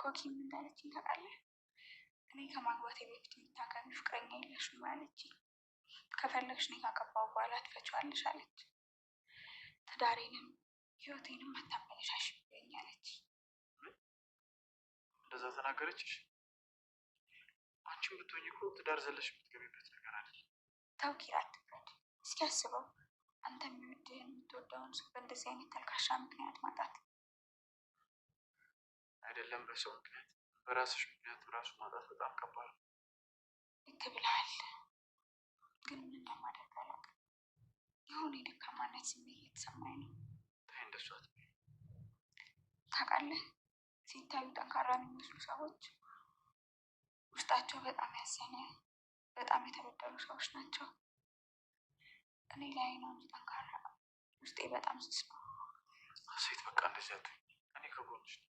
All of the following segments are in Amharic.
ኮኪ ምን እንዳለችኝ ታውቃለህ? እኔ ከማግባት በፊት የምታገቢ ፍቅረኛ የለሽም አለችኝ። ከፈለግሽ እኔ ካገባሁ በኋላ ትፈችዋለሽ አለች። ትዳሬንም ህይወቴንም አታበለሻሽብኝ አለች። እንደዛ ተናገረችሽ? አንቺም ብትሆኝ እኮ ትዳር ዘለሽ የምትገቢበት ነገር አለ። ተው ኪራ አትፍረድ። እስኪ አስበው አንተ የሚወድህን የምትወደውን ሰው በእንደዚህ አይነት ተልካሻ ምክንያት ማጣት አይደለም በሰው ምክንያት በራስሽ ምክንያት ራሱ ማጣት በጣም ከባድ ነው። ልክ ብለሃል፣ ግን ምን እንደማደርግ አላውቅም። የሆነ የደካማነት ስሜት እየተሰማኝ ነው። ታይ እንደሷ ታውቃለህ፣ ሲታዩ ጠንካራ የሚመስሉ ሰዎች ውስጣቸው በጣም ያዘነ፣ በጣም የተበደሉ ሰዎች ናቸው። እኔ ላይ ነው እንጂ ጠንካራ ውስጤ በጣም ስስ ነው። ሴት በቃ እንደዚያ እኔ ከጎንሽ ነው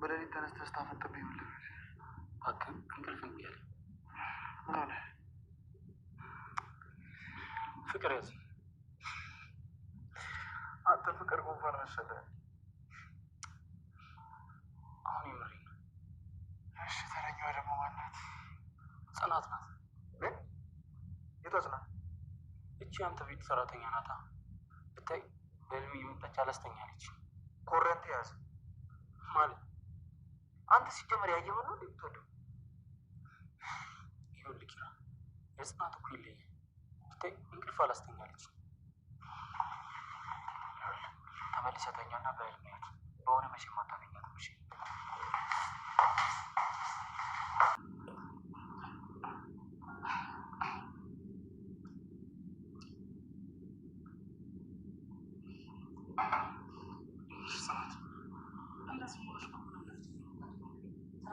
በሌሊት ተነስተህ ስታፈጥብኝ ይኸውልህ፣ እባክህ እንቅልፍ እምቢ አለኝ። ፍቅር ያዘኝ። አንተ ፍቅር ጉንፋን መሰለህ። አሁን የምሬን ነው። እሺ፣ ተረኛዋ ደግሞ ማናት? ጽናት ናት። ምን? የቷ ጽናት? እቺ አንተ ቤት ሰራተኛ ናታ። ብታይ በህልሜ የመጣች አላስተኛለች። ኮረንቲ ያዘ ማለት አንተ ሲጀመር ያየሆነ ልትወዱ ይኸውልህ ኪራ፣ የጽናት እኮ ይለያል። እንቅልፍ አላስተኛለች። ተመልሰህ በሆነ መቼም አታገኛት። ጽናት እንደዚህ ሆነች ነው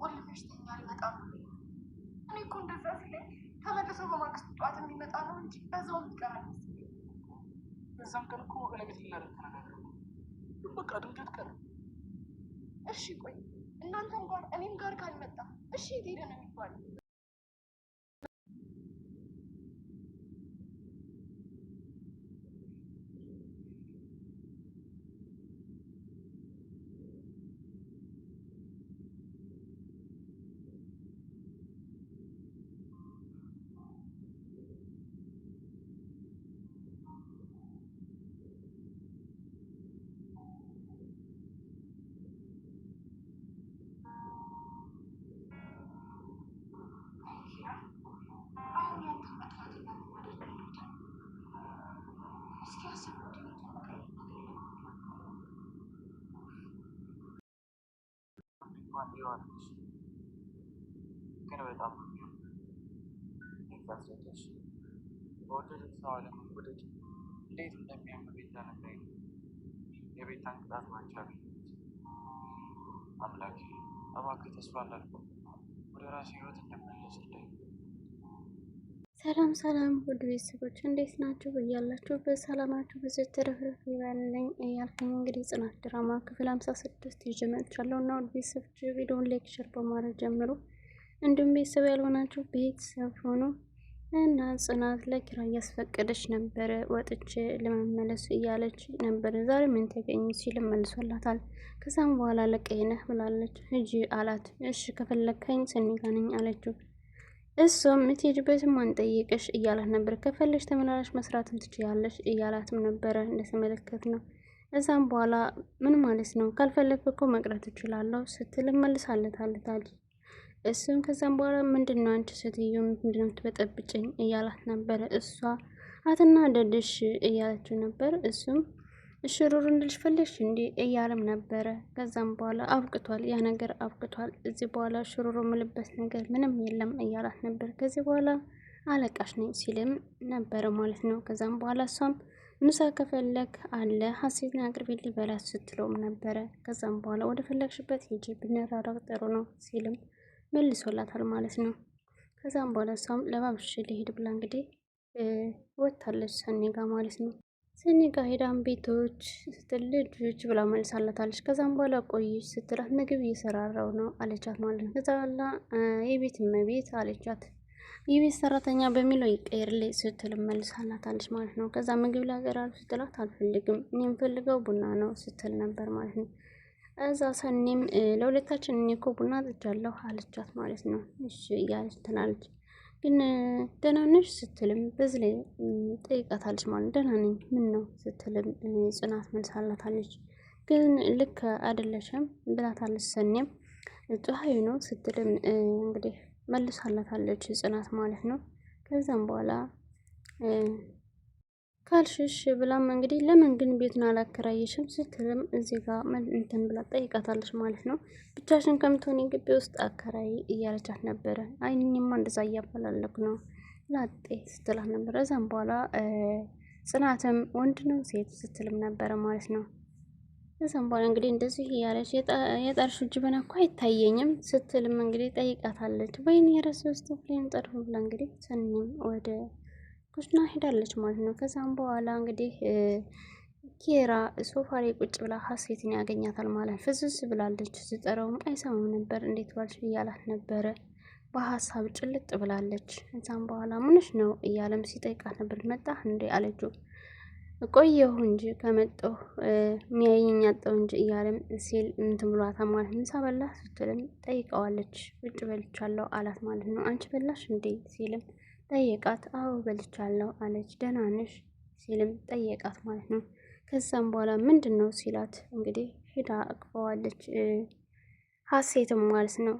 ቆል በሽተኛ ሊመጣ ነው። እኔ እኮ እንደዛ ሲለኝ ተመልሶ በማግስት ጠዋት የሚመጣ ነው እንጂ በዛው ይቀራል። በዛም ቀን እኮ እቤት ልናደርግ ተነጋገር፣ በቃ ድንገት ቀረ። እሺ ቆይ እናንተም ጋር እኔም ጋር ካልመጣ እሺ የት ሄደ ነው የሚባለው? ሆነች ግን በጣም ታስረዳች በወደደ ሰዋ ለመወደድ እንዴት እንደሚያምር ቤታ ነበር። የቤታን ቅጣት ማንቻ አምላኬ እባክህ ተስፋ እንዳልኩ ወደ ራሴ ህይወት እንደመለስልኝ ሰላም ሰላም ውድ ቤተሰቦች እንዴት ናችሁ? እያላችሁ በሰላማችሁ ብዙ ትርፍርፍ ይበልኝ እያልኩኝ እንግዲህ ጽናት ድራማ ክፍል 56 ይዤ መጥቻለሁ እና ውድ ቤተሰቦች ቪዲዮውን ላይክ፣ ሼር በማድረግ ጀምሩ። እንዲሁም ቤተሰብ ያልሆናችሁ ቤተሰብ ሆኖ እና ጽናት ለኪራ እያስፈቀደች ነበረ ወጥቼ ለመመለስ እያለች ነበረ። ዛሬ ምን ተገኘ ሲል መልሶላታል። ከዛም በኋላ ለቀይነህ ብላለች። እጅ አላት። እሺ ከፈለግከኝ ስኒ አለችው። እሱም የምትሄጂበትም አንጠይቅሽ እያላት ነበር። ከፈለሽ ተመላላሽ መስራትም ትችያለሽ እያላትም ነበረ እንደተመለከት ነው። እዛም በኋላ ምን ማለት ነው ካልፈለግኩ እኮ መቅረት እችላለሁ ስትልም መልሳለታለታል። እሱም ከዛም በኋላ ምንድን አንቺ ስትዩ ምንድን የምትበጠብጭኝ እያላት ነበረ። እሷ አትና ደድሽ እያለችው ነበር እሱም ሽሩር እንድልሽ ፈለሽ እንዲ እያለም ነበረ። ከዛም በኋላ አብቅቷል፣ ያ ነገር አብቅቷል፣ እዚህ በኋላ ሽሩሩ ምልበት ነገር ምንም የለም እያላት ነበር። ከዚህ በኋላ አለቃሽ ነኝ ሲልም ነበረ ማለት ነው። ከዛም በኋላ እሷም ምሳ ከፈለግ አለ ሀሴትን አቅርቤልኝ በላት ስትለውም ነበረ። ከዛም በኋላ ወደ ፈለግሽበት ሂጂ ብንራራቅ ጥሩ ነው ሲልም መልሶላታል ማለት ነው። ከዛም በኋላ እሷም ለባብሽ ልሄድ ብላ እንግዲህ ወታለች ሰኔ ማለት ነው። ሰኒ ጋር ቤቶች ስትል ልጆች ብላ መልሳላታለች። ከዛም በኋላ ቆየች ስትላት ምግብ እየሰራራው ነው አለቻት ማለት ነው። ከዛ በኋላ የቤት እመቤት አለቻት። የቤት ሰራተኛ በሚለው ይቀየርልኝ ስትል መልሳላታለች ማለት ነው። ከዛ ምግብ ላቀራሉ ስትላት አልፈልግም፣ እኔ የምፈልገው ቡና ነው ስትል ነበር ማለት ነው። እዛ ሰኒም ለሁለታችን እኔ እኮ ቡና ጥጃለሁ አለቻት ማለት ነው። እሺ እያለች ትናለች ግን ደህና ነሽ ስትልም በዝሌ ጠይቃታለች ማለት ደህና ነኝ ምን ነው ስትልም ጽናት መልሳላታለች። ግን ልክ አይደለሽም ብላታለች። ሰኔም ፀሐይ ነው ስትልም እንግዲህ መልሳላታለች ጽናት ማለት ነው። ከዛም በኋላ ካልሽሽ ብላም እንግዲህ ለምን ግን ቤቱን አላከራየሽም ስትልም እዚህ ጋር እንትን ብላ ጠይቃታለች ማለት ነው። ብቻሽን ከምትሆን ግቢ ውስጥ አከራይ እያለቻት ነበረ። አይ እኔማ እንደዛ እያፈላለኩ ነው ላጤ ስትላት ነበረ። እዛም በኋላ ጽናትም ወንድ ነው ሴት ስትልም ነበረ ማለት ነው። እዛም በኋላ እንግዲህ እንደዚህ እያለች የጠርሹ ጅበና እኮ አይታየኝም ስትልም እንግዲህ ጠይቃታለች። ወይን የረሱ ውስጥ ፍሬን ጠርሁ ብላ እንግዲህ ሰኒም ወደ ኩሽና ሄዳለች ማለት ነው። ከዛም በኋላ እንግዲህ ኬራ ሶፋ ላይ ቁጭ ብላ ሀሴትን ያገኛታል ማለት ፍዝዝ ብላለች። ስጠረውም አይሰማም ነበር። እንዴት ባልሽ እያላት ነበረ። በሀሳብ ጭልጥ ብላለች። ከዛም በኋላ ምንሽ ነው እያለም ሲጠይቃት ነበር። መጣህ እንዴ አለችው። ቆየሁ እንጂ ከመጣሁ ሚያይኝ ያጣሁ እንጂ እያለም ሲል እንትን ብሏታ ማለት ምሳ በላ ስትልም ጠይቀዋለች። ውጭ በልቻለሁ አላት ማለት ነው። አንቺ በላሽ እንዴ ሲልም ጠየቃት። አዎ በልቻለሁ አለች። ደህና ነሽ ሲልም ጠየቃት ማለት ነው። ከዛም በኋላ ምንድን ነው ሲላት እንግዲህ ሄዳ አቅፈዋለች ሀሴትም ማለት ነው።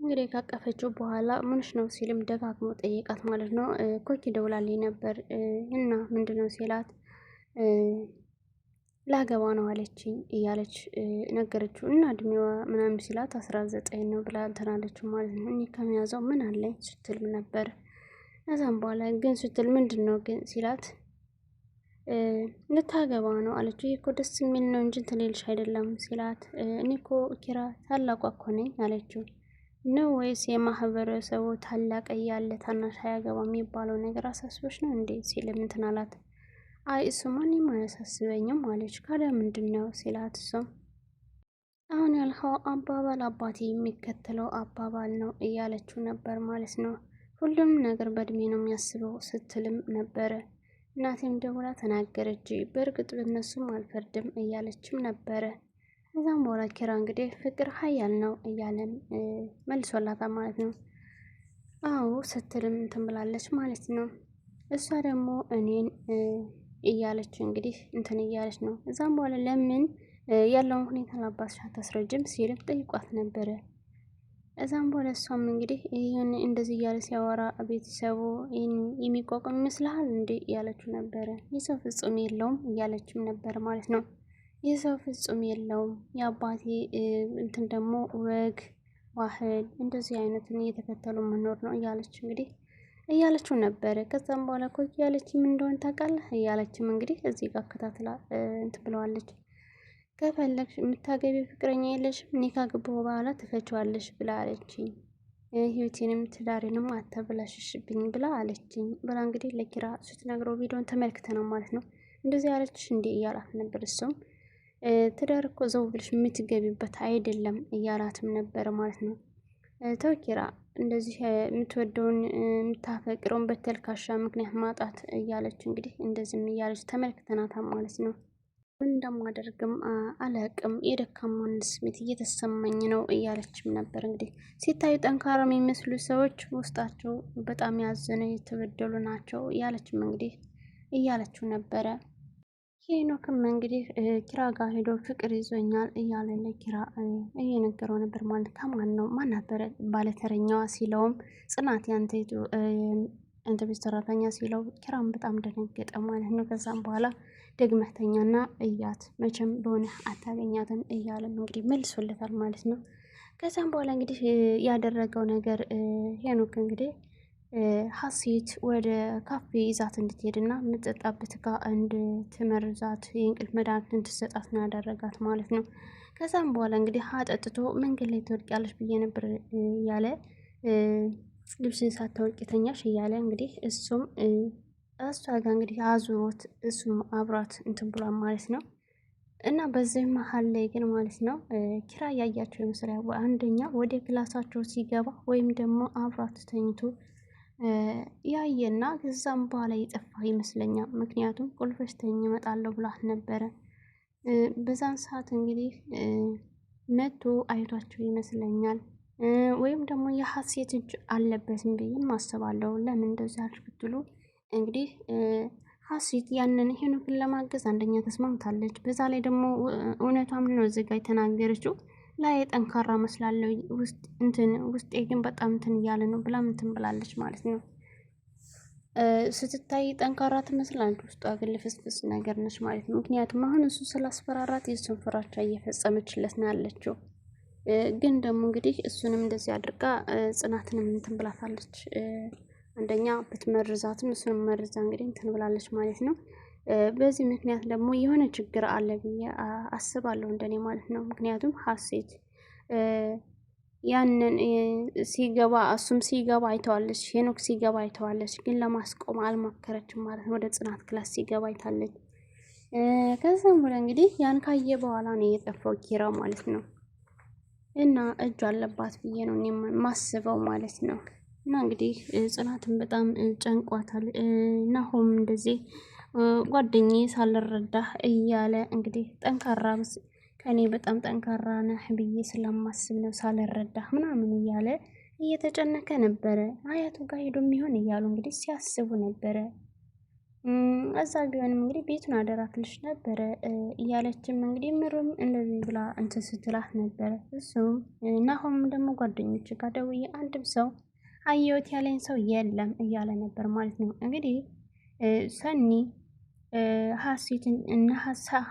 እንግዲህ ካቀፈችው በኋላ ምንሽ ነው ሲልም ደጋግሞ ጠየቃት ማለት ነው። ኮኪ ደውላልኝ ነበር እና ምንድን ነው ሲላት ላገባ ነው አለችኝ እያለች ነገረችው። እና እድሜዋ ምናምን ሲላት አስራ ዘጠኝ ነው ብላ እንትን አለችው ማለት ነው። እኔ ከመያዘው ምን አለኝ ስትልም ነበር። ከዛም በኋላ ግን ስትል ምንድን ነው ግን ሲላት ልታገባ ነው አለችው። ይህ እኮ ደስ የሚል ነው እንጂ እንትን ሌልሽ አይደለም ሲላት፣ እኔ እኮ ኪራ ታላቋ እኮ ነኝ አለችው። ነው ወይስ የማህበረሰቡ ታላቅ እያለ ታናሽ አያገባ የሚባለው ነገር አሳስቦች ነው እንዴ ሲልም እንትን አላት። አይ እሱማ እኔም አያሳስበኝም አለች። ካዲያ ምንድን ነው ሲላት እሱም አሁን ያልኸው አባባል አባቴ የሚከተለው አባባል ነው እያለችው ነበር ማለት ነው። ሁሉም ነገር በእድሜ ነው የሚያስበው ስትልም ነበረ። እናቴም ደውላ ተናገረች። በእርግጥ በእነሱም አልፈርድም እያለችም ነበረ። ከዛም በኋላ ኪራ እንግዲህ ፍቅር ሀያል ነው እያለን መልሶላታል ማለት ነው። አዎ ስትልም ትንብላለች ማለት ነው። እሷ ደግሞ እኔን እያለች እንግዲህ እንትን እያለች ነው። እዛም በኋላ ለምን ያለውን ሁኔታ ለአባትሽ አታስረጅም ሲልም ጠይቋት ነበረ። እዛም በኋላ እሷም እንግዲህ ይህን እንደዚህ እያለ ሲያወራ ቤተሰቡ የሚቋቋም ይመስልሃል እንዴ እያለችው ነበረ። የሰው ፍጹም የለውም እያለችም ነበር ማለት ነው። የሰው ፍጹም የለውም የአባቴ እንትን ደግሞ ወግ ባህል እንደዚህ አይነትን እየተከተሉ መኖር ነው እያለች እንግዲህ እያለችው ነበረ። ከዛም በኋላ እኮ እያለች ምን እንደሆነ ታውቃለህ እያለችም እንግዲህ እዚህ ጋር አከታትላ እንትን ብለዋለች። ከፈለግሽ የምታገቢ ፍቅረኛ የለሽም ኒካ ካገባሁ በኋላ ትፈችዋለሽ ብላ አለችኝ። ህይወቴንም ትዳሬንም አታበላሽሽብኝ ብላ አለችኝ ብላ እንግዲህ ለኪራ ስትነግረው ቪዲዮን ተመልክተ ነው ማለት ነው። እንደዚህ ያለችሽ እንዲህ እያላት ነበር። እሱም ትዳር እኮ ዘው ብለሽ የምትገቢበት አይደለም እያላትም ነበረ ማለት ነው። ተው ኪራ እንደዚህ የምትወደውን የምታፈቅረውን በተልካሻ ምክንያት ማጣት እያለች እንግዲህ እንደዚህም እያለች ተመልክተናታ ማለት ነው። ምን እንደማደርግም አላቅም የደካማን ስሜት እየተሰማኝ ነው እያለችም ነበር። እንግዲህ ሲታዩ ጠንካራ የሚመስሉ ሰዎች ውስጣቸው በጣም ያዘነ የተበደሉ ናቸው እያለችም እንግዲህ እያለችው ነበረ። ሄኖክም እንግዲህ ኪራ ጋር ሄዶ ፍቅር ይዞኛል እያለ ለኪራ እየነገረው ነበር። ማለት ከማን ነው ማን ነበረ ባለተረኛዋ ሲለውም ጽናት ያንተቱ ኢንተርቪው ሰራተኛ ሲለው ኪራም በጣም ደነገጠ ማለት ነው። ከዛም በኋላ ደግመህተኛና እያት መቼም በሆነ አታገኛትም እያለም እንግዲህ መልሶለታል ማለት ነው። ከዛም በኋላ እንግዲህ ያደረገው ነገር ሄኖክ እንግዲህ ሀሴት ወደ ካፌ ይዛት እንድትሄድና የምትጠጣበት እቃ እንድትመርዛት የእንቅልፍ መድኃኒት እንድትሰጣት ነው ያደረጋት ማለት ነው። ከዛም በኋላ እንግዲህ ሀ ጠጥቶ መንገድ ላይ ትወድቂያለሽ ብዬ ነበር እያለ ልብስን ሳታወልቅ ተኛሽ እያለ እንግዲህ እሱም እሷ ጋር እንግዲህ አዙሮት እሱም አብሯት እንትን ብሏል ማለት ነው። እና በዚህ መሀል ላይ ግን ማለት ነው ኪራ ያያቸው የመስሪያ አንደኛ ወደ ክላሳቸው ሲገባ ወይም ደግሞ አብሯት ተኝቶ ያየና ከዛም በኋላ የጠፋ ይመስለኛል። ምክንያቱም ቁልፍሽ ተኝ እመጣለሁ ብሏት ነበረ። በዛን ሰዓት እንግዲህ መቶ አይቷቸው ይመስለኛል። ወይም ደግሞ የሀሴት እጅ አለበትም ብዬም አስባለሁ። ለምን እንደዚህ አልሽ ብትሉ እንግዲህ ሀሴት ያንን ሄኖክን ለማገዝ አንደኛ ተስማምታለች። በዛ ላይ ደግሞ ምን ነው እዚህ ጋ የተናገረችው። ላይ ጠንካራ መስላለሁ ውስጥ እንትን ውስጤ ግን በጣም እንትን እያለ ነው ብላ እንትን ብላለች ማለት ነው። ስትታይ ጠንካራ ትመስላለች፣ ውስጧ ግን ልፍስፍስ ነገር ነች ማለት ነው። ምክንያቱም አሁን እሱ ስላስፈራራት የሱን ፍራቻ እየፈጸመችለት ነው ያለችው። ግን ደግሞ እንግዲህ እሱንም እንደዚህ አድርጋ ጽናትንም እንትን ብላታለች። አንደኛ ብትመርዛትም እሱንም መርዛ እንግዲህ እንትን ብላለች ማለት ነው። በዚህ ምክንያት ደግሞ የሆነ ችግር አለ ብዬ አስባለሁ፣ እንደኔ ማለት ነው። ምክንያቱም ሀሴት ያንን ሲገባ እሱም ሲገባ አይተዋለች፣ ሄኖክ ሲገባ አይተዋለች፣ ግን ለማስቆም አልሞከረችም ማለት ነው። ወደ ጽናት ክላስ ሲገባ አይታለች። ከዛም ወደ እንግዲህ ያን ካየ በኋላ ነው የጠፋው ኪራ ማለት ነው። እና እጁ አለባት ብዬ ነው ማስበው ማለት ነው። እና እንግዲህ ጽናትን በጣም ጨንቋታል። እና ሆም እንደዚህ ጓደኛዬ ሳልረዳህ እያለ እንግዲህ ጠንካራ ከኔ በጣም ጠንካራ ነህ ብዬ ስለማስብ ነው ሳልረዳህ ምናምን እያለ እየተጨነቀ ነበረ። አያቱ ጋር ሄዶ የሚሆን እያሉ እንግዲህ ሲያስቡ ነበረ። እዛ ቢሆንም እንግዲህ ቤቱን አደራክልሽ ነበረ እያለችም እንግዲህ ምሩም እንደዚህ ብላ እንትን ስትላት ነበረ። እሱም ናሆም ደግሞ ጓደኞች ጋር ደውዬ አንድም ሰው አየሁት ያለኝ ሰው የለም እያለ ነበር ማለት ነው እንግዲህ ሰኒ ሀሴትን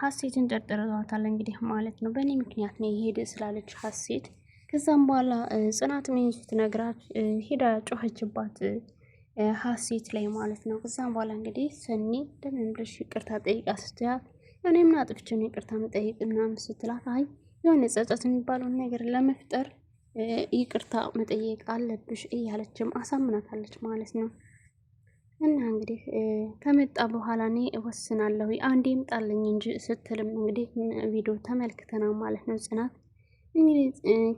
ሀሴትን ጠርጥረዋታል እንግዲህ ማለት ነው። በእኔ ምክንያት ነው የሄደ ስላለች ሀሴት ከዛም በኋላ ጽናት ምን ነግራት ሄዳ ጮኸችባት ሀሴት ላይ ማለት ነው። ከዛም በኋላ እንግዲህ ሰኒ ለምን ብለሽ ይቅርታ ጠይቃ ስትላት እኔ ምን አጥፍቼ ነው ይቅርታ መጠየቅ ምናምን ስትላት አይ የሆነ ጸጸት የሚባለውን ነገር ለመፍጠር ይቅርታ መጠየቅ አለብሽ እያለችም አሳምናታለች ማለት ነው። እና እንግዲህ ከመጣ በኋላ እኔ እወስናለሁ አንድ ይምጣልኝ እንጂ ስትልም እንግዲህ ቪዲዮ ተመልክተናል ማለት ነው። ጽናት እንግዲህ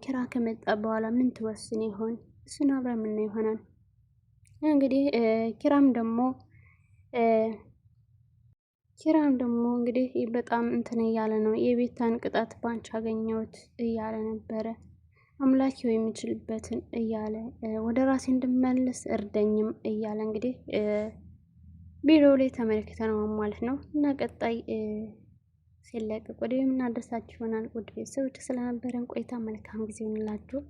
ኪራ ከመጣ በኋላ ምን ትወስን ይሆን? እሱን አብረን ምን ይሆናል እንግዲህ ኪራም ደግሞ ኪራም ደግሞ እንግዲህ በጣም እንትን እያለ ነው የቤታን ቅጣት ባንቺ አገኘሁት እያለ ነበረ። አምላክ ሆይ የሚችልበትን እያለ ወደ ራሴ እንድመለስ እርደኝም እያለ እንግዲህ ቪዲዮ ላይ ተመልክተነዋል ማለት ነው። እና ቀጣይ ሲለቀቅ ወደ የምናደርሳችሁ ይሆናል። ውድ ቤተሰቦች ስለነበረን ቆይታ መልካም ጊዜ ይሁንላችሁ።